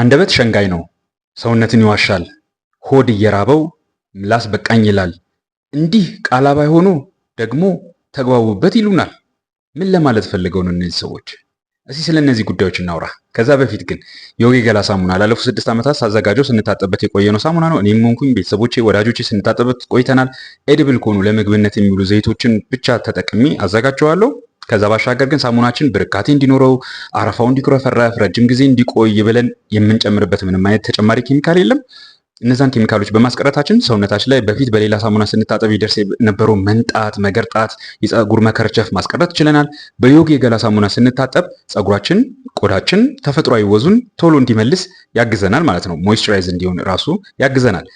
አንደበት ሸንጋይ ነው፣ ሰውነትን ይዋሻል። ሆድ እየራበው ምላስ በቃኝ ይላል። እንዲህ ቃላ ባይሆኑ ደግሞ ተግባቡበት ይሉናል። ምን ለማለት ፈልገው ነው እነዚህ ሰዎች? እስኪ ስለ እነዚህ ጉዳዮች እናውራ። ከዛ በፊት ግን ዮጊ ገላ ሳሙና ላለፉት ስድስት ዓመታት ሳዘጋጀው ስንታጠበት የቆየ ነው ሳሙና ነው። እኔም ሆንኩኝ ቤተሰቦቼ፣ ወዳጆቼ ስንታጠበት ቆይተናል። ኤድብል ከሆኑ ለምግብነት የሚውሉ ዘይቶችን ብቻ ተጠቅሜ አዘጋጀዋለሁ። ከዛ ባሻገር ግን ሳሙናችን ብርካቴ እንዲኖረው አረፋው እንዲኩረፈረፍ ረጅም ጊዜ እንዲቆይ ብለን የምንጨምርበት ምንም አይነት ተጨማሪ ኬሚካል የለም። እነዛን ኬሚካሎች በማስቀረታችን ሰውነታችን ላይ በፊት በሌላ ሳሙና ስንታጠብ ይደርስ የነበረው መንጣት፣ መገርጣት፣ የፀጉር መከርቸፍ ማስቀረት ችለናል። በዮጊ የገላ ሳሙና ስንታጠብ ፀጉራችን፣ ቆዳችን ተፈጥሯዊ ወዙን ቶሎ እንዲመልስ ያግዘናል ማለት ነው። ሞይስቸራይዝ እንዲሆን ራሱ ያግዘናል።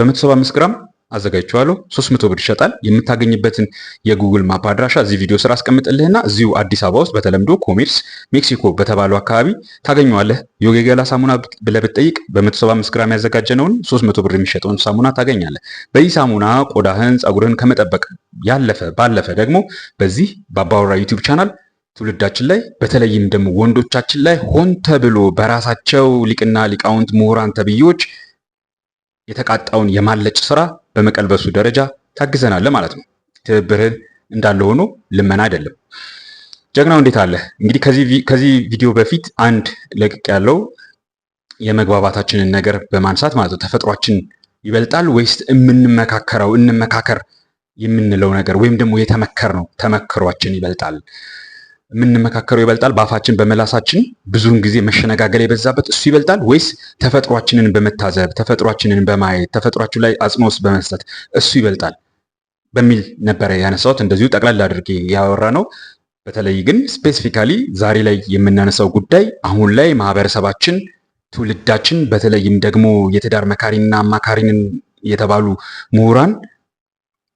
በ175 ግራም አዘጋጅቸዋለሁ። 300 ብር ይሸጣል። የምታገኝበትን የጉግል ማፕ አድራሻ እዚህ ቪዲዮ ስራ አስቀምጥልህና እዚሁ አዲስ አበባ ውስጥ በተለምዶ ኮሜርስ ሜክሲኮ በተባለው አካባቢ ታገኘዋለህ። የወጌገላ ሳሙና ብለህ ብትጠይቅ በ175 ግራም ያዘጋጀነውን 300 ብር የሚሸጠውን ሳሙና ታገኛለህ። በዚህ ሳሙና ቆዳህን፣ ጸጉርህን ከመጠበቅ ያለፈ ባለፈ ደግሞ በዚህ በአባወራ ዩቲዩብ ቻናል ትውልዳችን ላይ በተለይም ደግሞ ወንዶቻችን ላይ ሆን ተብሎ በራሳቸው ሊቅና ሊቃውንት ምሁራን ተብዬዎች የተቃጣውን የማለጭ ስራ በመቀልበሱ ደረጃ ታግዘናል ማለት ነው። ትብብርህን እንዳለ ሆኖ ልመና አይደለም። ጀግናው እንዴት አለ? እንግዲህ ከዚህ ቪዲዮ በፊት አንድ ለቅቅ ያለው የመግባባታችንን ነገር በማንሳት ማለት ነው ተፈጥሯችን ይበልጣል ወይስ የምንመካከረው እንመካከር የምንለው ነገር ወይም ደግሞ የተመከር ነው ተመክሯችን ይበልጣል የምንመካከረው ይበልጣል? በአፋችን በመላሳችን ብዙውን ጊዜ መሸነጋገል የበዛበት እሱ ይበልጣል ወይስ ተፈጥሯችንን በመታዘብ ተፈጥሯችንን በማየት ተፈጥሯችን ላይ አጽንኦት በመስጠት እሱ ይበልጣል በሚል ነበረ ያነሳሁት። እንደዚሁ ጠቅላላ አድርጌ ያወራ ነው። በተለይ ግን ስፔሲፊካሊ ዛሬ ላይ የምናነሳው ጉዳይ አሁን ላይ ማህበረሰባችን፣ ትውልዳችን በተለይም ደግሞ የትዳር መካሪና አማካሪንን የተባሉ ምሁራን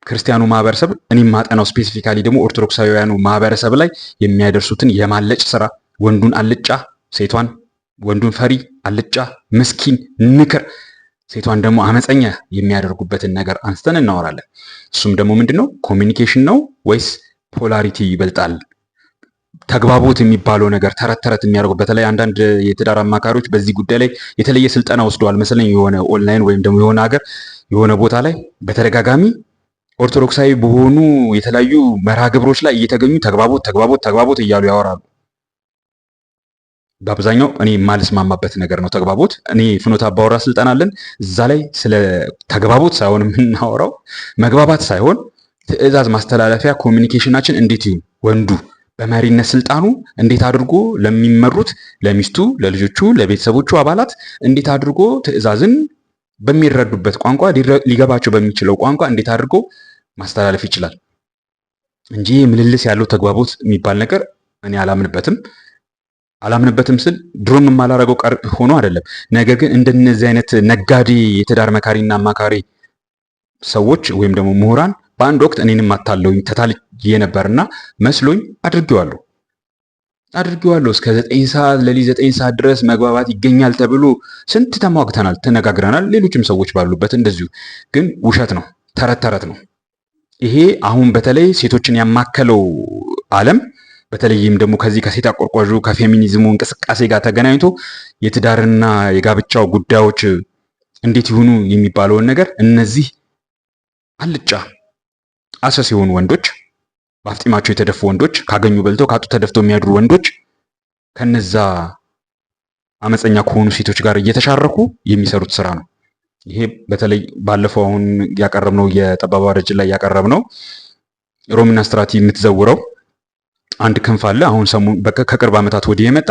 ክርስቲያኑ ማህበረሰብ እኔም ማጠናው ስፔሲፊካሊ ደግሞ ኦርቶዶክሳዊያኑ ማህበረሰብ ላይ የሚያደርሱትን የማለጭ ስራ ወንዱን አልጫ ሴቷን ወንዱን ፈሪ አልጫ ምስኪን ንክር ሴቷን ደግሞ አመፀኛ የሚያደርጉበትን ነገር አንስተን እናወራለን። እሱም ደግሞ ምንድን ነው? ኮሚኒኬሽን ነው ወይስ ፖላሪቲ ይበልጣል? ተግባቦት የሚባለው ነገር ተረት ተረት የሚያደርጉ በተለይ አንዳንድ የትዳር አማካሪዎች በዚህ ጉዳይ ላይ የተለየ ስልጠና ወስደዋል መሰለኝ የሆነ ኦንላይን ወይም ደግሞ የሆነ ሀገር የሆነ ቦታ ላይ በተደጋጋሚ ኦርቶዶክሳዊ በሆኑ የተለያዩ መርሃ ግብሮች ላይ እየተገኙ ተግባቦት ተግባቦት ተግባቦት እያሉ ያወራሉ። በአብዛኛው እኔ የማልስማማበት ነገር ነው ተግባቦት። እኔ ፍኖተ አባወራ ስልጠና አለን። እዛ ላይ ስለ ተግባቦት ሳይሆን የምናወራው መግባባት ሳይሆን ትዕዛዝ ማስተላለፊያ ኮሚኒኬሽናችን እንዴት ይሁን፣ ወንዱ በመሪነት ስልጣኑ እንዴት አድርጎ ለሚመሩት ለሚስቱ፣ ለልጆቹ፣ ለቤተሰቦቹ አባላት እንዴት አድርጎ ትዕዛዝን በሚረዱበት ቋንቋ ሊገባቸው በሚችለው ቋንቋ እንዴት አድርጎ ማስተላለፍ ይችላል እንጂ ምልልስ ያለው ተግባቦት የሚባል ነገር እኔ አላምንበትም። አላምንበትም ስል ድሮም የማላረገው ቀር ሆኖ አይደለም። ነገር ግን እንደነዚህ አይነት ነጋዴ የትዳር መካሪና አማካሪ ሰዎች ወይም ደግሞ ምሁራን በአንድ ወቅት እኔንም አታለውኝ ተታልዬ ነበርና መስሎኝ አድርጌዋለሁ። አድርጌዋለሁ። እስከ ዘጠኝ ሰዓት ለሊት ዘጠኝ ሰዓት ድረስ መግባባት ይገኛል ተብሎ ስንት ተሟግተናል፣ ተነጋግረናል። ሌሎችም ሰዎች ባሉበት እንደዚሁ። ግን ውሸት ነው፣ ተረት ተረት ነው። ይሄ አሁን በተለይ ሴቶችን ያማከለው ዓለም በተለይም ደግሞ ከዚህ ከሴት አቆርቋዡ ከፌሚኒዝሙ እንቅስቃሴ ጋር ተገናኝቶ የትዳርና የጋብቻው ጉዳዮች እንዴት ይሁኑ የሚባለውን ነገር እነዚህ አልጫ አሰስ የሆኑ ወንዶች በአፍጢማቸው የተደፉ ወንዶች፣ ካገኙ በልተው ካጡ ተደፍተው የሚያድሩ ወንዶች ከነዛ አመፀኛ ከሆኑ ሴቶች ጋር እየተሻረኩ የሚሰሩት ስራ ነው። ይሄ በተለይ ባለፈው አሁን ያቀረብነው ነው ደጅን ላይ ያቀረብነው ሮሚና ስትራቲ የምትዘውረው አንድ ክንፍ አለ። አሁን ሰሞኑን ከቅርብ ዓመታት ወዲህ የመጣ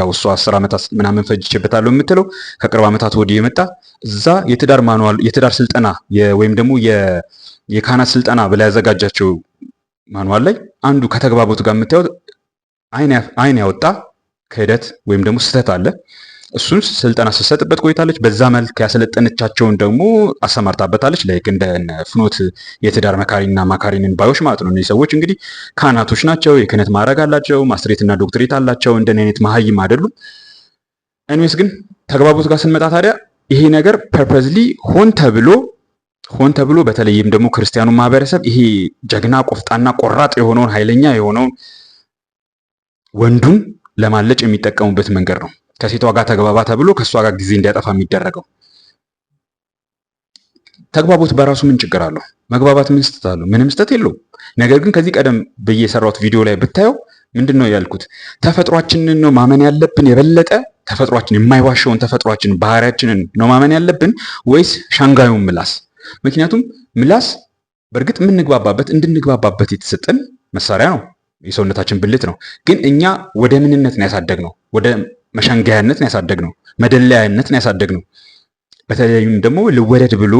ያው እሷ አስር ዓመታት ምናምን ፈጅቼበታለሁ የምትለው ከቅርብ ዓመታት ወዲህ የመጣ እዛ የትዳር ማኑዋል የትዳር ስልጠና ወይም ደግሞ የካህናት ስልጠና ብላ ያዘጋጃቸው ማንዋል ላይ አንዱ ከተግባቦት ጋር የምታዩት አይን ያወጣ ክህደት ወይም ደግሞ ስህተት አለ። እሱን ስልጠና ስትሰጥበት ቆይታለች። በዛ መልክ ያሰለጠነቻቸውን ደግሞ አሰማርታበታለች። ላይክ እንደ ፍኖት የትዳር መካሪና ማካሪንን ባዮች ማለት ነው። እነዚህ ሰዎች እንግዲህ ካህናቶች ናቸው። የክህነት ማዕረግ አላቸው። ማስትሬትና ዶክትሬት አላቸው። እንደ አይነት መሀይም አይደሉም። እኔስ ግን ተግባቦት ጋር ስንመጣ ታዲያ ይሄ ነገር ፐርፐዝሊ ሆን ተብሎ ሆን ተብሎ በተለይም ደግሞ ክርስቲያኑ ማህበረሰብ ይሄ ጀግና ቆፍጣና ቆራጥ የሆነውን ኃይለኛ የሆነውን ወንዱን ለማለጭ የሚጠቀሙበት መንገድ ነው። ከሴቷ ጋር ተግባባ ተብሎ ከእሷ ጋር ጊዜ እንዲያጠፋ የሚደረገው ተግባቦት በራሱ ምን ችግር አለው? መግባባት ምን ስህተት አለው? ምንም ስህተት የለውም። ነገር ግን ከዚህ ቀደም ብዬ የሰራሁት ቪዲዮ ላይ ብታየው ምንድን ነው ያልኩት? ተፈጥሯችንን ነው ማመን ያለብን የበለጠ ተፈጥሯችን የማይዋሸውን ተፈጥሯችን ባህሪያችንን ነው ማመን ያለብን ወይስ ሻንጋዩን ምላስ ምክንያቱም ምላስ በእርግጥ የምንግባባበት እንድንግባባበት የተሰጠን መሳሪያ ነው። የሰውነታችን ብልት ነው። ግን እኛ ወደ ምንነት ነው ያሳደግነው? ወደ መሸንገያነት ነው ያሳደግነው። መደለያነት ነው ያሳደግነው። በተለይም ደግሞ ልወደድ ብሎ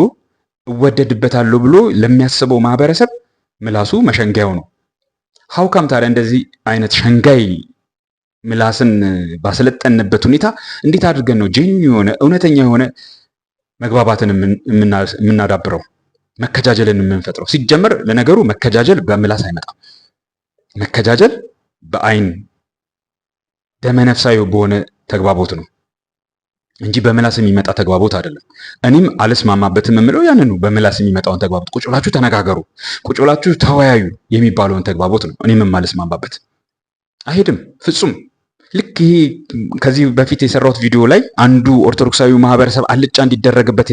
እወደድበታለሁ ብሎ ለሚያስበው ማህበረሰብ ምላሱ መሸንገያው ነው። ሀውካም ታዲያ እንደዚህ አይነት ሸንጋይ ምላስን ባሰለጠንበት ሁኔታ እንዴት አድርገን ነው ጀኙ የሆነ እውነተኛ የሆነ መግባባትን የምናዳብረው መከጃጀልን የምንፈጥረው። ሲጀመር ለነገሩ መከጃጀል በምላስ አይመጣም። መከጃጀል በአይን ደመነፍሳዊ በሆነ ተግባቦት ነው እንጂ በምላስ የሚመጣ ተግባቦት አይደለም። እኔም አልስማማበትም የምለው ያንኑ በምላስ የሚመጣውን ተግባቦት ቁጭ ብላችሁ ተነጋገሩ፣ ቁጭ ብላችሁ ተወያዩ የሚባለውን ተግባቦት ነው እኔም አልስማማበት አይሄድም ፍጹም ልክ ይሄ ከዚህ በፊት የሰራሁት ቪዲዮ ላይ አንዱ ኦርቶዶክሳዊ ማህበረሰብ አልጫ እንዲደረግበት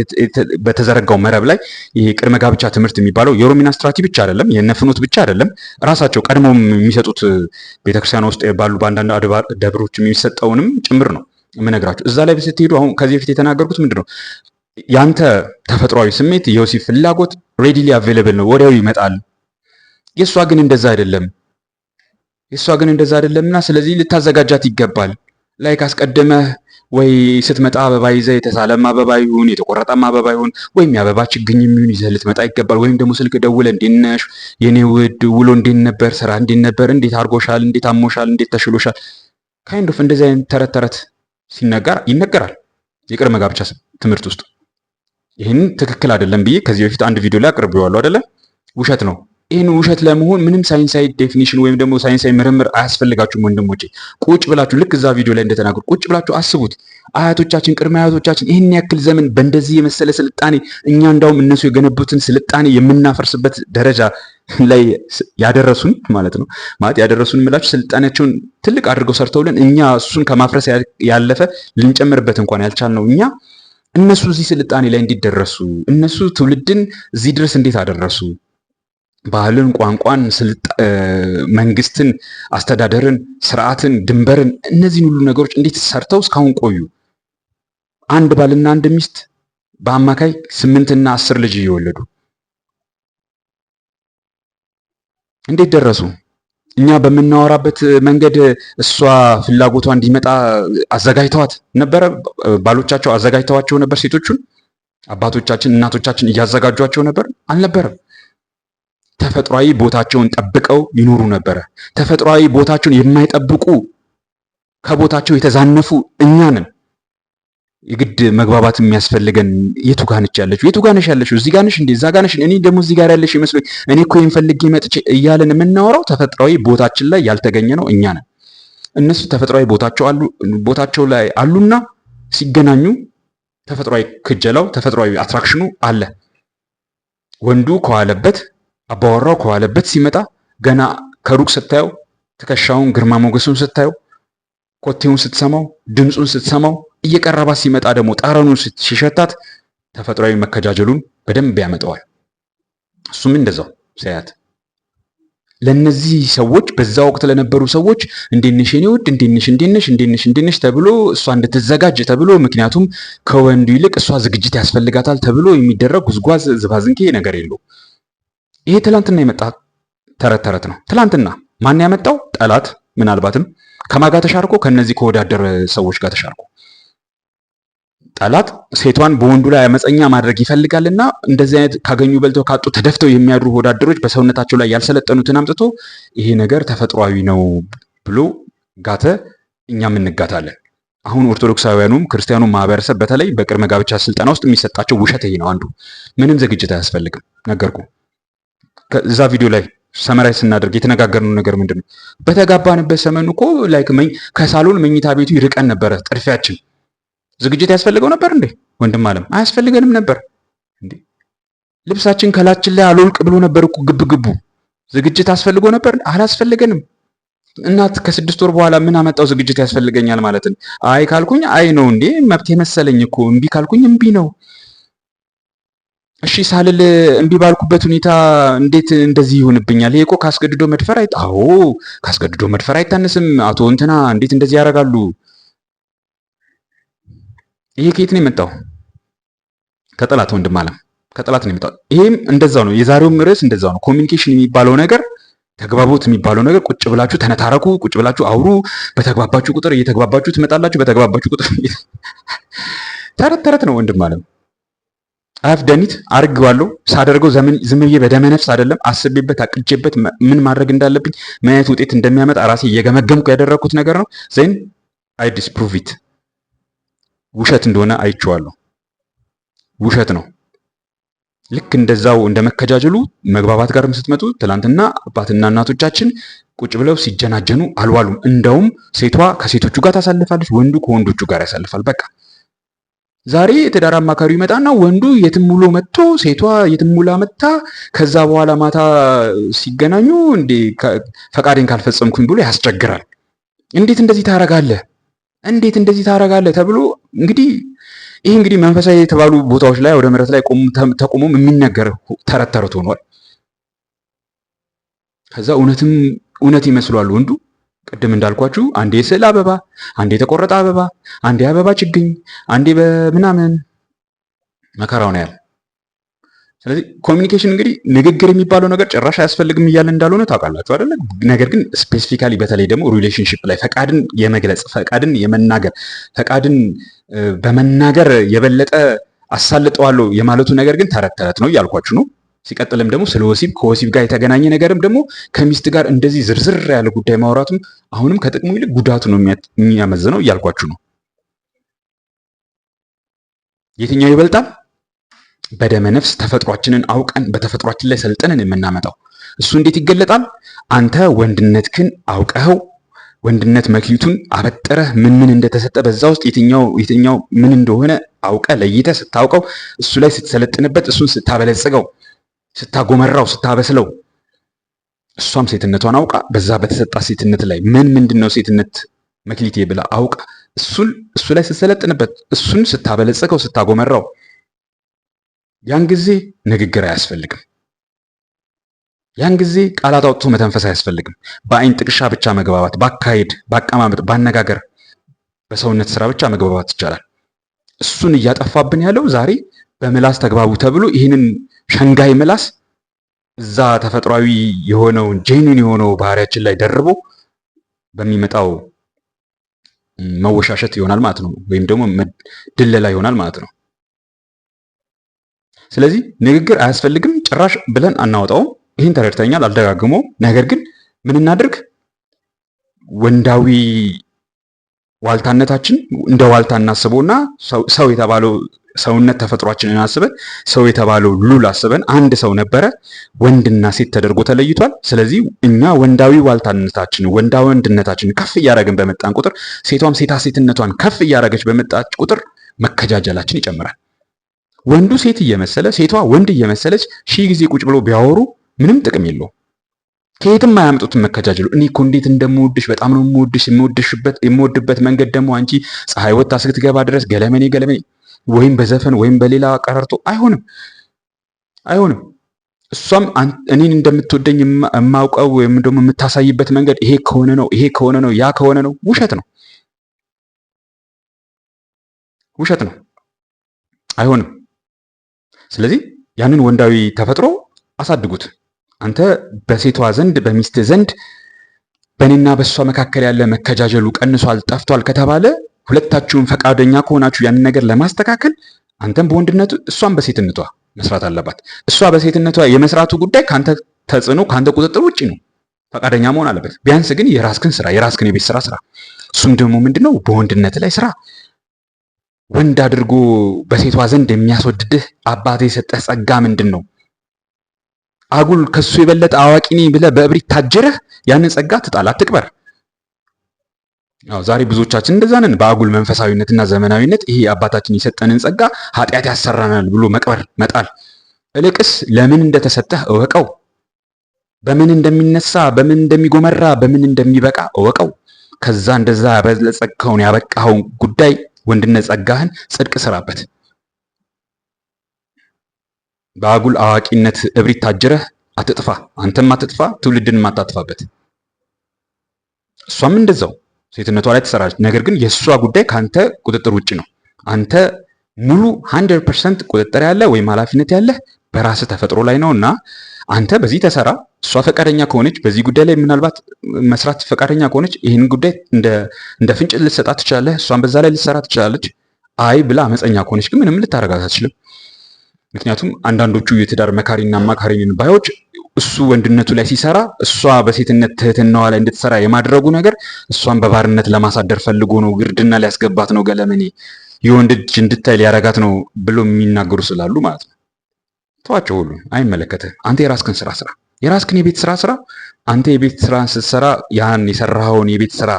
በተዘረጋው መረብ ላይ ይሄ ቅድመ ጋብቻ ትምህርት የሚባለው የሮሚና ስትራቲ ብቻ አይደለም፣ የነፍኖት ብቻ አይደለም፣ ራሳቸው ቀድሞም የሚሰጡት ቤተክርስቲያን ውስጥ ባሉ በአንዳንድ ደብሮች የሚሰጠውንም ጭምር ነው የምነግራቸው። እዛ ላይ ስትሄዱ አሁን ከዚህ በፊት የተናገርኩት ምንድን ነው ያንተ ተፈጥሯዊ ስሜት የወሲብ ፍላጎት ሬዲሊ አቬለብል ነው፣ ወዲያው ይመጣል። የእሷ ግን እንደዛ አይደለም። የእሷ ግን እንደዛ አይደለምና ስለዚህ ልታዘጋጃት ይገባል። ላይ ካስቀደመህ ወይ ስትመጣ አበባ ይዘህ የተሳለም አበባ ይሁን የተቆረጠም አበባ ይሁን ወይም የአበባ ችግኝ የሚሆን ይዘህ ልትመጣ ይገባል። ወይም ደግሞ ስልክ ደውለ እንዲነሽ የኔ ውድ፣ ውሎ እንዴት ነበር፣ ስራ እንዴት ነበር፣ እንዴት አድርጎሻል፣ እንዴት አሞሻል፣ እንዴት ተሽሎሻል፣ ካይንድ ኦፍ እንደዚህ አይነት ተረት ተረት ሲነገር ይነገራል የቅድመ ጋብቻ ትምህርት ውስጥ። ይህን ትክክል አይደለም ብዬ ከዚህ በፊት አንድ ቪዲዮ ላይ አቅርቤዋለሁ አይደለም ውሸት ነው። ይህን ውሸት ለመሆን ምንም ሳይንሳዊ ዴፊኒሽን ወይም ደግሞ ሳይንሳዊ ምርምር አያስፈልጋችሁም ወንድሞቼ። ቁጭ ብላችሁ ልክ እዛ ቪዲዮ ላይ እንደተናገሩ ቁጭ ብላችሁ አስቡት። አያቶቻችን፣ ቅድመ አያቶቻችን ይህን ያክል ዘመን በእንደዚህ የመሰለ ስልጣኔ እኛ እንዳውም እነሱ የገነቡትን ስልጣኔ የምናፈርስበት ደረጃ ላይ ያደረሱን ማለት ነው። ማለት ያደረሱን የምላችሁ ስልጣኔያቸውን ትልቅ አድርገው ሰርተውልን እኛ እሱን ከማፍረስ ያለፈ ልንጨምርበት እንኳን ያልቻልነው እኛ እነሱ እዚህ ስልጣኔ ላይ እንዲደረሱ እነሱ ትውልድን እዚህ ድረስ እንዴት አደረሱ? ባህልን፣ ቋንቋን፣ መንግስትን፣ አስተዳደርን፣ ስርዓትን፣ ድንበርን እነዚህን ሁሉ ነገሮች እንዴት ሰርተው እስካሁን ቆዩ? አንድ ባልና አንድ ሚስት በአማካይ ስምንትና አስር ልጅ እየወለዱ እንዴት ደረሱ? እኛ በምናወራበት መንገድ እሷ ፍላጎቷ እንዲመጣ አዘጋጅተዋት ነበረ? ባሎቻቸው አዘጋጅተዋቸው ነበር? ሴቶቹን አባቶቻችን እናቶቻችን እያዘጋጇቸው ነበር? አልነበረም። ተፈጥሯዊ ቦታቸውን ጠብቀው ይኖሩ ነበረ። ተፈጥሯዊ ቦታቸውን የማይጠብቁ ከቦታቸው የተዛነፉ እኛ ነን። የግድ መግባባት የሚያስፈልገን የቱ ጋነች ያለችው የቱ ጋነሽ ያለችው እዚህ ጋነሽ እንዴ እዛ ጋነሽ እኔ ደግሞ እዚህ ጋር ያለሽ ይመስለኝ እኔ እኮ የምፈልግ መጥቼ እያለን የምናወራው ተፈጥሯዊ ቦታችን ላይ ያልተገኘ ነው እኛ ነን። እነሱ ተፈጥሯዊ ቦታቸው አሉ ቦታቸው ላይ አሉና ሲገናኙ ተፈጥሯዊ ክጀላው ተፈጥሯዊ አትራክሽኑ አለ። ወንዱ ከዋለበት አባወራው ከዋለበት ሲመጣ ገና ከሩቅ ስታየው ትከሻውን ግርማ ሞገሱን ስታየው ኮቴውን ስትሰማው ድምፁን ስትሰማው እየቀረባት ሲመጣ ደግሞ ጠረኑን ሲሸታት ተፈጥሯዊ መከጃጀሉን በደንብ ያመጣዋል። እሱም እንደዛው ሳያት ለነዚህ ሰዎች በዛ ወቅት ለነበሩ ሰዎች እንዴነሽ ነሽ የኔ ውድ፣ እንዴት እንዴነሽ እንዴነሽ እንዴነሽ ተብሎ እሷ እንድትዘጋጅ ተብሎ ምክንያቱም ከወንዱ ይልቅ እሷ ዝግጅት ያስፈልጋታል ተብሎ የሚደረግ ጉዝጓዝ ዝባዝንኬ ነገር የለው። ይሄ ትላንትና የመጣ ተረት ተረት ነው። ትላንትና ማን ያመጣው ጠላት ምናልባትም ከማጋ ተሻርኮ ከነዚህ ከወዳደር ሰዎች ጋር ተሻርኮ ጠላት ሴቷን በወንዱ ላይ አመፀኛ ማድረግ ይፈልጋልና እንደዚህ አይነት ካገኙ በልተው ካጡ ተደፍተው የሚያድሩ ወዳደሮች በሰውነታቸው ላይ ያልሰለጠኑትን አምጥቶ ይሄ ነገር ተፈጥሯዊ ነው ብሎ ጋተ። እኛም እንጋታለን። አሁን ኦርቶዶክሳውያኑም ክርስቲያኑ ማህበረሰብ በተለይ በቅድመ ጋብቻ ስልጠና ውስጥ የሚሰጣቸው ውሸት ይሄ ነው አንዱ። ምንም ዝግጅት አያስፈልግም ነገርኩ። ከዛ ቪዲዮ ላይ ሰመራይ ስናደርግ የተነጋገርነው ነገር ምንድን ነው? በተጋባንበት ሰመን እኮ ላይክ ከሳሎን መኝታ ቤቱ ይርቀን ነበረ ጥድፊያችን። ዝግጅት ያስፈልገው ነበር እንዴ ወንድም አለም? አያስፈልገንም ነበር እንዴ? ልብሳችን ከላችን ላይ አልወልቅ ብሎ ነበር እኮ ግብ ግቡ። ዝግጅት አስፈልጎ ነበር? አላስፈልገንም። እናት ከስድስት ወር በኋላ ምን አመጣው ዝግጅት ያስፈልገኛል ማለት ነው? አይ ካልኩኝ አይ ነው እንዴ መብት የመሰለኝ እኮ እምቢ ካልኩኝ እምቢ ነው እሺ ሳልል እምቢ ባልኩበት ሁኔታ እንዴት እንደዚህ ይሆንብኛል? ይሄ እኮ ካስገድዶ መድፈር አይ አዎ ካስገድዶ መድፈር አይታነስም። አቶ እንትና እንዴት እንደዚህ ያደርጋሉ? ይሄ ከየት ነው የመጣው? ከጠላት ወንድም አለም ከጠላት ነው የመጣው። ይሄም እንደዛው ነው። የዛሬውም ርዕስ እንደዛው ነው። ኮሚኒኬሽን የሚባለው ነገር ተግባቦት የሚባለው ነገር ቁጭ ብላችሁ ተነታረኩ፣ ቁጭ ብላችሁ አውሩ። በተግባባችሁ ቁጥር እየተግባባችሁ ትመጣላችሁ። በተግባባችሁ ቁጥር ተረት ተረት ነው ወንድም አለም አፍ ደኒት አርግዋለሁ ሳደርገው ዝም ብዬ በደመ ነፍስ አይደለም፣ አስቤበት አቅጄበት ምን ማድረግ እንዳለብኝ ምን አይነት ውጤት እንደሚያመጣ ራሴ እየገመገምኩ ያደረግኩት ነገር ነው። ዜን አይ ዲስፕሩቭ ኢት ውሸት እንደሆነ አይቼዋለሁ። ውሸት ነው። ልክ እንደዛው እንደ መከጃጀሉ መግባባት ጋርም ስትመጡ ትናንትና አባትና እናቶቻችን ቁጭ ብለው ሲጀናጀኑ አልዋሉም። እንደውም ሴቷ ከሴቶቹ ጋር ታሳልፋለች፣ ወንዱ ከወንዶቹ ጋር ያሳልፋል። በቃ ዛሬ የትዳር አማካሪው ይመጣና ወንዱ የትም ውሎ መጥቶ ሴቷ የትም ሙላ መጥታ ከዛ በኋላ ማታ ሲገናኙ እንዴ ፈቃዴን ካልፈጸምኩኝ ብሎ ያስቸግራል። እንዴት እንደዚህ ታረጋለህ? እንዴት እንደዚህ ታረጋለህ? ተብሎ እንግዲህ ይህ እንግዲህ መንፈሳዊ የተባሉ ቦታዎች ላይ ወደ ምረት ላይ ተቆሞም የሚነገር ተረት ተረት ሆኗል። ከዛ እውነትም እውነት ይመስሏል ወንዱ ቅድም እንዳልኳችሁ አንዴ የስዕል አበባ፣ አንዴ የተቆረጠ አበባ፣ አንዴ አበባ ችግኝ፣ አንዴ በምናምን መከራው ነው ያለ። ስለዚህ ኮሚኒኬሽን እንግዲህ ንግግር የሚባለው ነገር ጭራሽ አያስፈልግም እያለ እንዳልሆነ ታውቃላችሁ አይደለ? ነገር ግን ስፔሲፊካሊ በተለይ ደግሞ ሪሌሽንሽፕ ላይ ፈቃድን የመግለጽ ፈቃድን የመናገር ፈቃድን በመናገር የበለጠ አሳልጠዋለሁ የማለቱ ነገር ግን ተረት ተረት ነው እያልኳችሁ ነው። ሲቀጥልም ደግሞ ስለ ወሲብ ከወሲብ ጋር የተገናኘ ነገርም ደግሞ ከሚስት ጋር እንደዚህ ዝርዝር ያለ ጉዳይ ማውራቱም አሁንም ከጥቅሙ ይልቅ ጉዳቱ ነው የሚያመዝነው እያልኳችሁ ነው። የትኛው ይበልጣል? በደመ ነፍስ ተፈጥሯችንን አውቀን በተፈጥሯችን ላይ ሰልጥነን የምናመጣው እሱ እንዴት ይገለጣል? አንተ ወንድነትክን አውቀኸው ወንድነት መክሊቱን አበጠረህ ምን ምን እንደተሰጠ በዛ ውስጥ የትኛው የትኛው ምን እንደሆነ አውቀ ለይተ ስታውቀው እሱ ላይ ስትሰለጥንበት እሱን ስታበለጽገው ስታጎመራው ስታበስለው እሷም ሴትነቷን አውቃ በዛ በተሰጣ ሴትነት ላይ ምን ምንድን ነው ሴትነት መክሊቴ ብላ አውቃ እሱን እሱ ላይ ስትሰለጥንበት እሱን ስታበለጸገው ስታጎመራው ያን ጊዜ ንግግር አያስፈልግም። ያን ጊዜ ቃላት አውጥቶ መተንፈስ አያስፈልግም። በአይን ጥቅሻ ብቻ መግባባት፣ በአካሄድ፣ በአቀማመጥ፣ በአነጋገር፣ በሰውነት ስራ ብቻ መግባባት ይቻላል። እሱን እያጠፋብን ያለው ዛሬ በምላስ ተግባቡ ተብሎ ይህንን ሸንጋይ ምላስ እዛ ተፈጥሯዊ የሆነውን ጄኒን የሆነው ባህሪያችን ላይ ደርቦ በሚመጣው መወሻሸት ይሆናል ማለት ነው፣ ወይም ደግሞ ድለላ ይሆናል ማለት ነው። ስለዚህ ንግግር አያስፈልግም ጭራሽ ብለን አናወጣውም። ይህን ተረድተኛል፣ አልደጋግሞ ነገር ግን ምን እናድርግ ወንዳዊ ዋልታነታችን እንደ ዋልታ እናስበውና ሰው የተባለው ሰውነት ተፈጥሯችንን አስበን ሰው የተባለው ሉል አስበን አንድ ሰው ነበረ፣ ወንድና ሴት ተደርጎ ተለይቷል። ስለዚህ እኛ ወንዳዊ ዋልታነታችን ወንዳ ወንድነታችን ከፍ እያደረግን በመጣን ቁጥር ሴቷም ሴታ ሴትነቷን ከፍ እያደረገች በመጣች ቁጥር መከጃጀላችን ይጨምራል። ወንዱ ሴት እየመሰለ ሴቷ ወንድ እየመሰለች ሺህ ጊዜ ቁጭ ብሎ ቢያወሩ ምንም ጥቅም የለውም። ከየትም አያምጡትም መከጃጀሉ። እኔ እኮ እንዴት እንደምወድሽ በጣም ነው የምወድሽ፣ የምወድሽበት የምወድበት መንገድ ደግሞ አንቺ ፀሐይ ወጥታ እስክትገባ ድረስ ገለመኔ ገለመኔ፣ ወይም በዘፈን ወይም በሌላ ቀረርቶ አይሆንም አይሆንም። እሷም እኔን እንደምትወደኝ የማውቀው ወይም ደግሞ የምታሳይበት መንገድ ይሄ ከሆነ ነው ይሄ ከሆነ ነው ያ ከሆነ ነው። ውሸት ነው ውሸት ነው፣ አይሆንም። ስለዚህ ያንን ወንዳዊ ተፈጥሮ አሳድጉት። አንተ በሴቷ ዘንድ በሚስት ዘንድ በእኔና በእሷ መካከል ያለ መከጃጀሉ ቀንሷል፣ ጠፍቷል ከተባለ ሁለታችሁም ፈቃደኛ ከሆናችሁ ያንን ነገር ለማስተካከል አንተም በወንድነቱ እሷም በሴትነቷ መስራት አለባት። እሷ በሴትነቷ የመስራቱ ጉዳይ ከአንተ ተጽዕኖ ከአንተ ቁጥጥር ውጭ ነው። ፈቃደኛ መሆን አለበት። ቢያንስ ግን የራስክን ስራ የራስክን የቤት ስራ ስራ። እሱም ደግሞ ምንድነው በወንድነት ላይ ስራ። ወንድ አድርጎ በሴቷ ዘንድ የሚያስወድድህ አባት የሰጠህ ጸጋ ምንድን ነው? አጉል ከሱ የበለጠ አዋቂ ነኝ ብለህ በእብሪት ታጀረህ ያንን ጸጋ ትጣል፣ አትቅበር። አዎ ዛሬ ብዙዎቻችን እንደዛ ነን። በአጉል መንፈሳዊነትና ዘመናዊነት ይሄ አባታችን የሰጠንን ጸጋ ኃጢአት ያሰራናል ብሎ መቅበር መጣል። እልቅስ ለምን እንደተሰጠህ እወቀው። በምን እንደሚነሳ፣ በምን እንደሚጎመራ፣ በምን እንደሚበቃ እወቀው። ከዛ እንደዛ ያበለጸግከውን ያበቃኸውን ጉዳይ ወንድነት ጸጋህን ጽድቅ ስራበት። በአጉል አዋቂነት እብሪት ታጅረህ አትጥፋ፣ አንተም አትጥፋ፣ ትውልድን አታጥፋበት። እሷም እንደዛው ሴትነቷ ላይ ትሰራለች። ነገር ግን የእሷ ጉዳይ ከአንተ ቁጥጥር ውጭ ነው። አንተ ሙሉ 100 ቁጥጥር ያለ ወይም ኃላፊነት ያለህ በራስህ ተፈጥሮ ላይ ነው እና አንተ በዚህ ተሰራ። እሷ ፈቃደኛ ከሆነች በዚህ ጉዳይ ላይ ምናልባት መስራት ፈቃደኛ ከሆነች ይህን ጉዳይ እንደ ፍንጭ ልትሰጣት ትችላለህ። እሷን በዛ ላይ ልትሰራ ትችላለች። አይ ብላ አመፀኛ ከሆነች ግን ምንም ልታረጋት አትችልም። ምክንያቱም አንዳንዶቹ የትዳር መካሪና አማካሪንን ባዮች እሱ ወንድነቱ ላይ ሲሰራ እሷ በሴትነት ትህትናዋ ላይ እንድትሰራ የማድረጉ ነገር እሷን በባርነት ለማሳደር ፈልጎ ነው፣ ግርድና ሊያስገባት ነው፣ ገለመኔ የወንድ እጅ እንድታይ ሊያረጋት ነው ብሎ የሚናገሩ ስላሉ ማለት ነው። ተዋቸው፣ ሁሉ አይመለከትህ። አንተ የራስክን ስራ ስራ፣ የራስክን የቤት ስራ ስራ። አንተ የቤት ስራ ስትሰራ ያን የሰራኸውን የቤት ስራ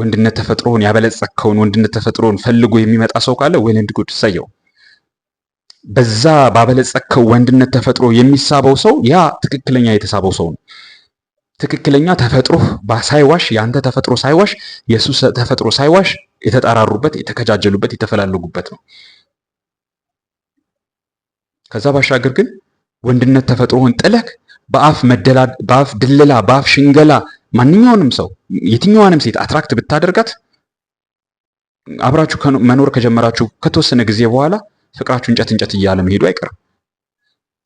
ወንድነት ተፈጥሮን ያበለጸከውን ወንድነት ተፈጥሮን ፈልጎ የሚመጣ ሰው ካለ ወይለንድ ጉድ ሳየው በዛ ባበለጸከው ወንድነት ተፈጥሮ የሚሳበው ሰው ያ ትክክለኛ የተሳበው ሰው ነው። ትክክለኛ ተፈጥሮ ሳይዋሽ የአንተ ተፈጥሮ ሳይዋሽ የእሱ ተፈጥሮ ሳይዋሽ የተጠራሩበት፣ የተከጃጀሉበት፣ የተፈላለጉበት ነው። ከዛ ባሻገር ግን ወንድነት ተፈጥሮህን ጥለክ በአፍ መደላ በአፍ ድለላ በአፍ ሽንገላ ማንኛውንም ሰው የትኛዋንም ሴት አትራክት ብታደርጋት አብራችሁ መኖር ከጀመራችሁ ከተወሰነ ጊዜ በኋላ ፍቅራችሁ እንጨት እንጨት እያለ መሄዱ አይቀርም።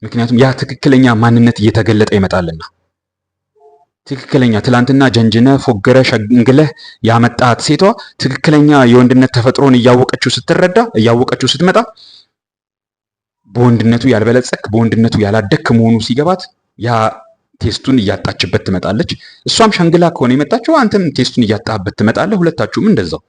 ምክንያቱም ያ ትክክለኛ ማንነት እየተገለጠ ይመጣልና ትክክለኛ ትላንትና ጀንጅነ ፎገረ ሸንግለ ያመጣት ሴቷ ትክክለኛ የወንድነት ተፈጥሮን እያወቀችው ስትረዳ እያወቀችው ስትመጣ በወንድነቱ ያልበለጸክ በወንድነቱ ያላደክ መሆኑ ሲገባት ያ ቴስቱን እያጣችበት ትመጣለች። እሷም ሸንግላ ከሆነ የመጣችው አንተም ቴስቱን እያጣህበት ትመጣለህ። ሁለታችሁም እንደዛው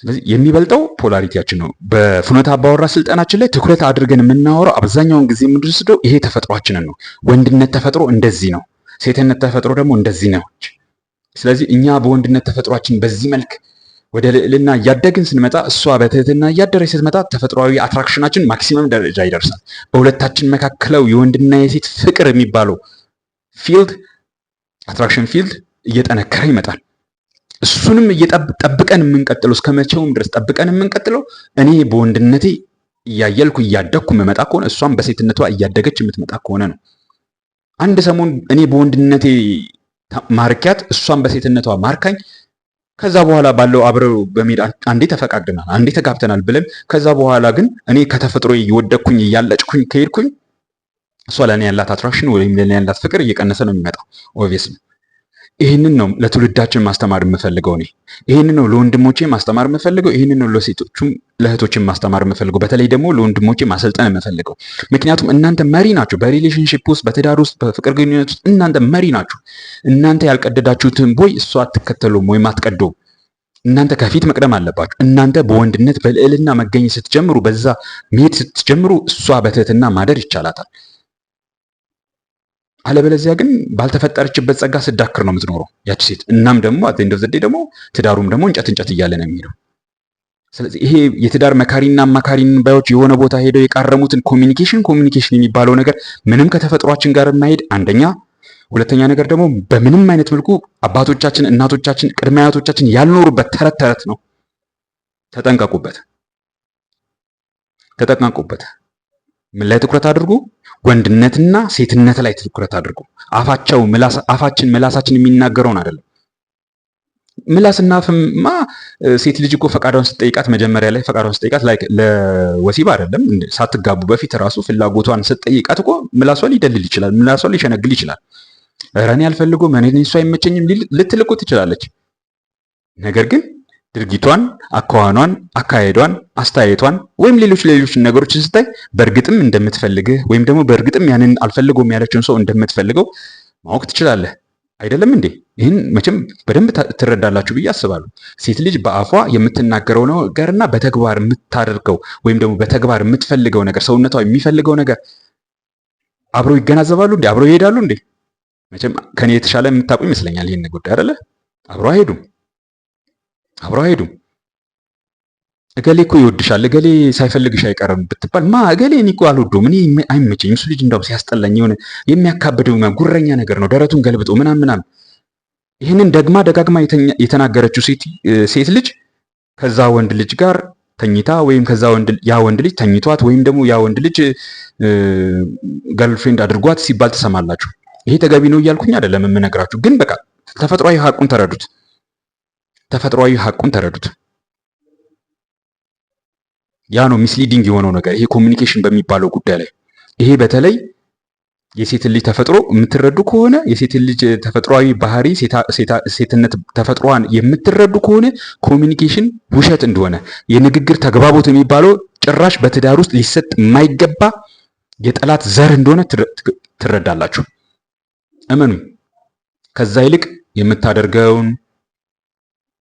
ስለዚህ የሚበልጠው ፖላሪቲያችን ነው። በፍኖተ አባወራ ስልጠናችን ላይ ትኩረት አድርገን የምናወረው አብዛኛውን ጊዜ የምንወስደው ይሄ ተፈጥሯችንን ነው። ወንድነት ተፈጥሮ እንደዚህ ነው፣ ሴትነት ተፈጥሮ ደግሞ እንደዚህ ነች። ስለዚህ እኛ በወንድነት ተፈጥሯችን በዚህ መልክ ወደ ልዕልና እያደግን ስንመጣ እሷ በትህትና እያደረች ስትመጣ ተፈጥሯዊ አትራክሽናችን ማክሲመም ደረጃ ይደርሳል። በሁለታችን መካከለው የወንድና የሴት ፍቅር የሚባለው ፊልድ አትራክሽን ፊልድ እየጠነከረ ይመጣል። እሱንም ጠብቀን የምንቀጥለው እስከ መቼውም ድረስ ጠብቀን የምንቀጥለው እኔ በወንድነቴ እያየልኩ እያደግኩ የምመጣ ከሆነ እሷም በሴትነቷ እያደገች የምትመጣ ከሆነ ነው። አንድ ሰሞን እኔ በወንድነቴ ማርኪያት እሷም በሴትነቷ ማርካኝ ከዛ በኋላ ባለው አብረው በሜዳ አንዴ ተፈቃቅደናል፣ አንዴ ተጋብተናል ብለን ከዛ በኋላ ግን እኔ ከተፈጥሮ እየወደግኩኝ እያለጭኩኝ ከሄድኩኝ እሷ ለእኔ ያላት አትራክሽን ወይም ለእኔ ያላት ፍቅር እየቀነሰ ነው የሚመጣው ኦብቪየስሊ ይህንን ነው ለትውልዳችን ማስተማር የምፈልገው እኔ ይህንን ነው ለወንድሞቼ ማስተማር የምፈልገው። ይህንን ነው ለሴቶቹም ለእህቶችም ማስተማር የምፈልገው። በተለይ ደግሞ ለወንድሞቼ ማሰልጠን የምፈልገው፣ ምክንያቱም እናንተ መሪ ናችሁ። በሪሌሽንሽፕ ውስጥ፣ በትዳር ውስጥ፣ በፍቅር ግንኙነት ውስጥ እናንተ መሪ ናችሁ። እናንተ ያልቀደዳችሁትን ቦይ እሷ አትከተሉም ወይም አትቀደውም። እናንተ ከፊት መቅደም አለባችሁ። እናንተ በወንድነት በልዕልና መገኘት ስትጀምሩ፣ በዛ መሄድ ስትጀምሩ፣ እሷ በትህትና ማደር ይቻላታል። አለበለዚያ ግን ባልተፈጠረችበት ጸጋ ስዳክር ነው የምትኖረው ያች ሴት። እናም ደግሞ አዘንዶ ዘዴ ደግሞ ትዳሩም ደግሞ እንጨት እንጨት እያለ ነው የሚሄደው። ስለዚህ ይሄ የትዳር መካሪና አማካሪ ባዮች የሆነ ቦታ ሄደው የቃረሙትን ኮሚኒኬሽን ኮሚኒኬሽን የሚባለው ነገር ምንም ከተፈጥሯችን ጋር የማይሄድ አንደኛ፣ ሁለተኛ ነገር ደግሞ በምንም አይነት መልኩ አባቶቻችን፣ እናቶቻችን፣ ቅድመ አያቶቻችን ያልኖሩበት ተረት ተረት ነው። ተጠንቀቁበት፣ ተጠንቀቁበት። ምን ላይ ትኩረት አድርጉ። ወንድነትና ሴትነት ላይ ትኩረት አድርጉ። አፋቸው አፋችን ምላሳችን የሚናገረውን አይደለም። ምላስና ፍማ ሴት ልጅ እኮ ፈቃዷን ስጠይቃት መጀመሪያ ላይ ፈቃዷን ስትጠይቃት ላይ ለወሲብ አይደለም ሳትጋቡ በፊት ራሱ ፍላጎቷን ስትጠይቃት እኮ ምላሷ ሊደልል ይችላል። ምላሷ ሊሸነግል ይችላል። እረ እኔ አልፈልጎም፣ እኔ እሱ አይመቸኝም ልትልቁ ትችላለች። ነገር ግን ድርጊቷን፣ አኳኗን፣ አካሄዷን፣ አስተያየቷን ወይም ሌሎች ሌሎች ነገሮችን ስታይ በእርግጥም እንደምትፈልግህ ወይም ደግሞ በእርግጥም ያንን አልፈልገውም ያለችውን ሰው እንደምትፈልገው ማወቅ ትችላለህ። አይደለም እንዴ? ይህን መቼም በደንብ ትረዳላችሁ ብዬ አስባለሁ። ሴት ልጅ በአፏ የምትናገረው ነገርና በተግባር የምታደርገው ወይም ደግሞ በተግባር የምትፈልገው ነገር ሰውነቷ የሚፈልገው ነገር አብረው ይገናዘባሉ እንዴ? አብረው ይሄዳሉ እንዴ? መቼም ከኔ የተሻለ የምታውቁ ይመስለኛል ይህን ጉዳይ አይደለ? አብረው አይሄዱም። አብረው አይሄዱም። እገሌ እኮ ይወድሻል፣ እገሌ ሳይፈልግሽ አይቀርም ብትባል ማ እገሌ እኔ እኮ አልወደውም፣ እኔ አይመቸኝ፣ እሱ ልጅ እንዳውም ሲያስጠላኝ የሆነ የሚያካብደው ጉረኛ ነገር ነው፣ ደረቱን ገልብጦ ምናምን ምናምን። ይህንን ደግማ ደጋግማ የተናገረችው ሴት ልጅ ከዛ ወንድ ልጅ ጋር ተኝታ ወይም ከዛ ወንድ ያ ወንድ ልጅ ተኝቷት ወይም ደግሞ ያ ወንድ ልጅ ገርልፍሬንድ አድርጓት ሲባል ትሰማላችሁ። ይሄ ተገቢ ነው እያልኩኝ አይደለም የምነግራችሁ፣ ግን በቃ ተፈጥሯዊ ሀቁን ተረዱት። ተፈጥሯዊ ሀቁን ተረዱት። ያ ነው ሚስሊዲንግ የሆነው ነገር ይሄ ኮሚኒኬሽን በሚባለው ጉዳይ ላይ ይሄ በተለይ የሴትን ልጅ ተፈጥሮ የምትረዱ ከሆነ የሴት ልጅ ተፈጥሯዊ ባህሪ ሴትነት ተፈጥሯን የምትረዱ ከሆነ ኮሚኒኬሽን ውሸት እንደሆነ የንግግር ተግባቦት የሚባለው ጭራሽ በትዳር ውስጥ ሊሰጥ የማይገባ የጠላት ዘር እንደሆነ ትረዳላችሁ። እመኑ። ከዛ ይልቅ የምታደርገውን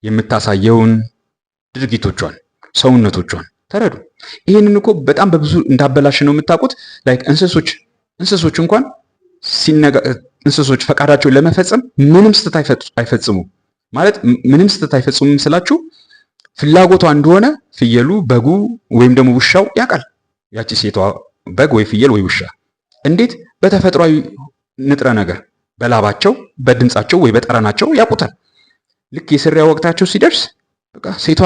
የምታሳየውን ድርጊቶቿን፣ ሰውነቶቿን ተረዱ። ይህንን እኮ በጣም በብዙ እንዳበላሽ ነው የምታውቁት። ላይክ እንስሶች እንስሶች እንኳን እንስሶች ፈቃዳቸውን ለመፈጸም ምንም ስህተት አይፈጽሙ ማለት ምንም ስህተት አይፈጽሙም ስላችሁ ፍላጎቷ እንደሆነ ፍየሉ፣ በጉ ወይም ደግሞ ውሻው ያውቃል። ያቺ ሴቷ በግ ወይ ፍየል ወይ ውሻ እንዴት በተፈጥሯዊ ንጥረ ነገር በላባቸው፣ በድምፃቸው ወይ በጠረናቸው ያውቁታል። ልክ የስሪያ ወቅታቸው ሲደርስ በቃ ሴቷ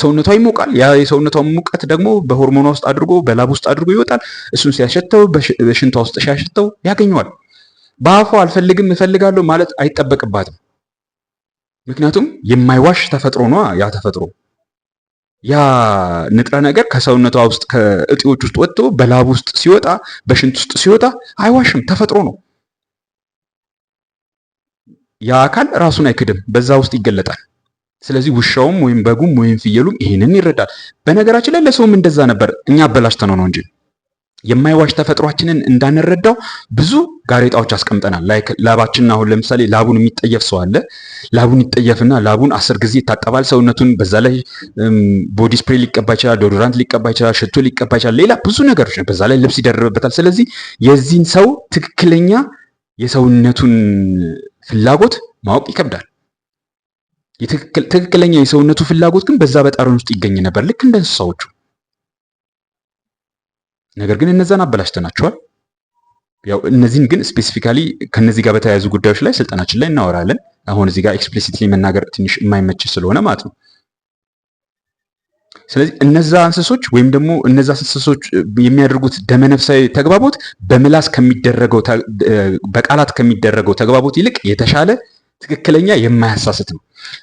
ሰውነቷ ይሞቃል። ያ የሰውነቷ ሙቀት ደግሞ በሆርሞኗ ውስጥ አድርጎ በላብ ውስጥ አድርጎ ይወጣል። እሱን ሲያሸተው በሽንቷ ውስጥ ሲያሸተው ያገኘዋል። በአፏ አልፈልግም እፈልጋለሁ ማለት አይጠበቅባትም። ምክንያቱም የማይዋሽ ተፈጥሮ ነዋ። ያ ተፈጥሮ ያ ንጥረ ነገር ከሰውነቷ ውስጥ ከእጢዎች ውስጥ ወጥቶ በላብ ውስጥ ሲወጣ፣ በሽንት ውስጥ ሲወጣ አይዋሽም። ተፈጥሮ ነው። ያ አካል ራሱን አይክድም፣ በዛ ውስጥ ይገለጣል። ስለዚህ ውሻውም ወይም በጉም ወይም ፍየሉም ይህንን ይረዳል። በነገራችን ላይ ለሰውም እንደዛ ነበር፣ እኛ አበላሽተነው ነው እንጂ የማይዋሽ ተፈጥሯችንን እንዳንረዳው ብዙ ጋሬጣዎች አስቀምጠናል። ላይክ ላባችንን አሁን ለምሳሌ ላቡን የሚጠየፍ ሰው አለ። ላቡን ይጠየፍና ላቡን አስር ጊዜ ይታጠባል ሰውነቱን። በዛ ላይ ቦዲ ስፕሬ ሊቀባ ይችላል፣ ዶዶራንት ሊቀባ ይችላል፣ ሽቶ ሊቀባ ይችላል፣ ሌላ ብዙ ነገሮች በዛ ላይ ልብስ ይደርብበታል። ስለዚህ የዚህን ሰው ትክክለኛ የሰውነቱን ፍላጎት ማወቅ ይከብዳል። ትክክለኛ የሰውነቱ ፍላጎት ግን በዛ በጠረን ውስጥ ይገኝ ነበር፣ ልክ እንደ እንስሳዎቹ። ነገር ግን እነዛን አበላሽተናቸዋል። ያው እነዚህን ግን ስፔሲፊካሊ ከነዚህ ጋር በተያያዙ ጉዳዮች ላይ ስልጠናችን ላይ እናወራለን። አሁን እዚህ ጋር ኤክስፕሊሲትሊ መናገር ትንሽ የማይመች ስለሆነ ማለት ነው። ስለዚህ እነዛ እንስሶች ወይም ደግሞ እነዛ እንስሶች የሚያደርጉት ደመነፍሳዊ ተግባቦት በምላስ ከሚደረገው በቃላት ከሚደረገው ተግባቦት ይልቅ የተሻለ ትክክለኛ የማያሳስት ነው።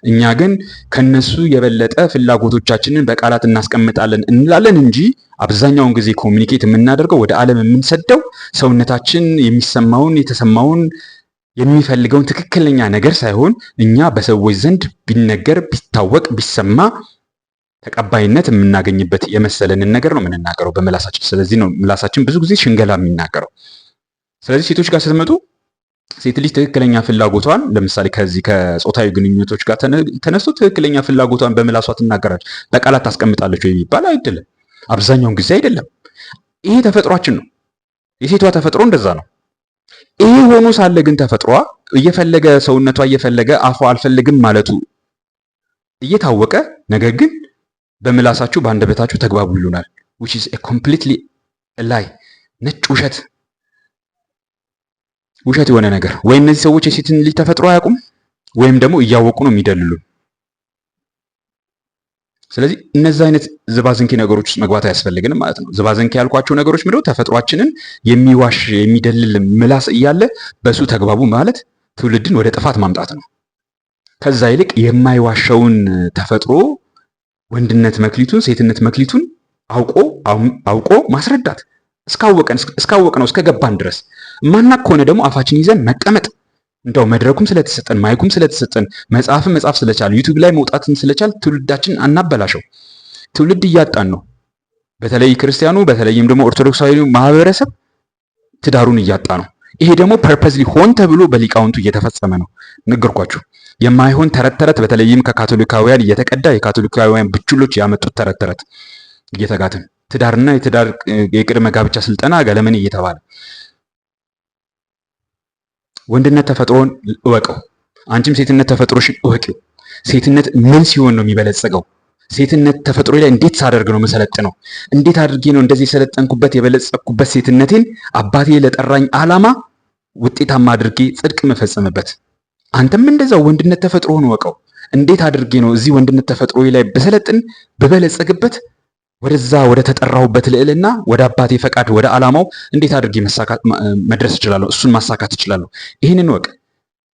እኛ ግን ከነሱ የበለጠ ፍላጎቶቻችንን በቃላት እናስቀምጣለን እንላለን እንጂ አብዛኛውን ጊዜ ኮሚኒኬት የምናደርገው ወደ ዓለም የምንሰደው ሰውነታችን የሚሰማውን የተሰማውን የሚፈልገውን ትክክለኛ ነገር ሳይሆን እኛ በሰዎች ዘንድ ቢነገር ቢታወቅ ቢሰማ ተቀባይነት የምናገኝበት የመሰለንን ነገር ነው የምንናገረው በምላሳችን። ስለዚህ ነው ምላሳችን ብዙ ጊዜ ሽንገላ የሚናገረው። ስለዚህ ሴቶች ጋር ስትመጡ ሴት ልጅ ትክክለኛ ፍላጎቷን ለምሳሌ ከዚህ ከጾታዊ ግንኙነቶች ጋር ተነስቶ ትክክለኛ ፍላጎቷን በምላሷ ትናገራለች፣ በቃላት ታስቀምጣለች ወይ የሚባል አይደለም። አብዛኛውን ጊዜ አይደለም። ይሄ ተፈጥሯችን ነው። የሴቷ ተፈጥሮ እንደዛ ነው። ይሄ ሆኖ ሳለ ግን ተፈጥሯ እየፈለገ ሰውነቷ እየፈለገ አፏ አልፈልግም ማለቱ እየታወቀ ነገር ግን በምላሳችሁ በአንደበታችሁ ተግባቡ ይሉናል። which is a completely lie ነጭ ውሸት ውሸት የሆነ ነገር ወይ እነዚህ ሰዎች የሴትን ልጅ ተፈጥሮ አያውቁም ወይም ደግሞ እያወቁ ነው የሚደልሉ። ስለዚህ እነዚህ አይነት ዝባዝንኬ ነገሮች ውስጥ መግባት አያስፈልግንም ማለት ነው። ዝባዝንኬ ያልኳቸው ነገሮች ምንድን ተፈጥሯችንን የሚዋሽ የሚደልል ምላስ እያለ በሱ ተግባቡ ማለት ትውልድን ወደ ጥፋት ማምጣት ነው። ከዛ ይልቅ የማይዋሸውን ተፈጥሮ ወንድነት መክሊቱን ሴትነት መክሊቱን አውቆ አውቆ ማስረዳት እስካወቀን ነው እስከገባን ድረስ ማናቅ ከሆነ ደግሞ አፋችን ይዘን መቀመጥ እንደው መድረኩም ስለተሰጠን ማይኩም ስለተሰጠን መጽሐፍን መጽሐፍ ስለቻል ዩቲዩብ ላይ መውጣትን ስለቻል ትውልዳችን አናበላሸው። ትውልድ እያጣን ነው። በተለይ ክርስቲያኑ በተለይም ደግሞ ኦርቶዶክሳዊ ማህበረሰብ ትዳሩን እያጣ ነው። ይሄ ደግሞ ፐርፐዝሊ ሆን ተብሎ በሊቃውንቱ እየተፈጸመ ነው። ነገርኳችሁ። የማይሆን ተረት ተረት በተለይም ከካቶሊካውያን እየተቀዳ የካቶሊካውያን ብችሎች ያመጡት ተረት ተረት እየተጋትን ትዳርና የትዳር የቅድመ ጋብቻ ስልጠና ገለምን እየተባለ ወንድነት ተፈጥሮን እወቀው፣ አንቺም ሴትነት ተፈጥሮሽን እወቂው። ሴትነት ምን ሲሆን ነው የሚበለጸገው? ሴትነት ተፈጥሮ ላይ እንዴት ሳደርግ ነው ነው? እንዴት አድርጌ ነው እንደዚህ የሰለጠንኩበት የበለጸግኩበት ሴትነቴን አባቴ ለጠራኝ ዓላማ ውጤታማ አድርጌ ጽድቅ መፈጸምበት? አንተም እንደዛው ወንድነት ተፈጥሮን ወቀው። እንዴት አድርጌ ነው እዚህ ወንድነት ተፈጥሮ ላይ በሰለጥን በበለጸግበት ወደዛ ወደ ተጠራሁበት ልዕልና ወደ አባቴ ፈቃድ ወደ ዓላማው እንዴት አድርጌ መድረስ እችላለሁ? እሱን ማሳካት እችላለሁ። ይህንን ወቅ።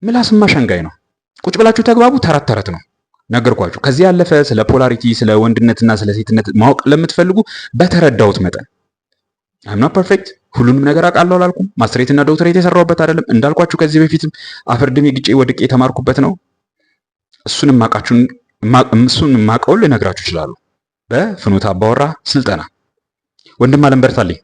ምላስማ ሸንጋይ ነው። ቁጭ ብላችሁ ተግባቡ። ተረት ተረት ነው ነገርኳችሁ። ከዚህ ያለፈ ስለ ፖላሪቲ ስለ ወንድነትና ስለ ሴትነት ማወቅ ለምትፈልጉ በተረዳሁት መጠን ናት ፐርፌክት ሁሉንም ነገር አውቃለሁ አላልኩም። ማስትሬት እና ዶክትሬት የሰራሁበት አይደለም እንዳልኳችሁ ከዚህ በፊትም አፈርድም ድሜ ወድቄ የተማርኩበት ነው። እሱን ማቃችሁን እሱን ማቀውን ልነግራችሁ እችላለሁ በፍኖተ አባወራ ስልጠና ወንድም አለም በርታልኝ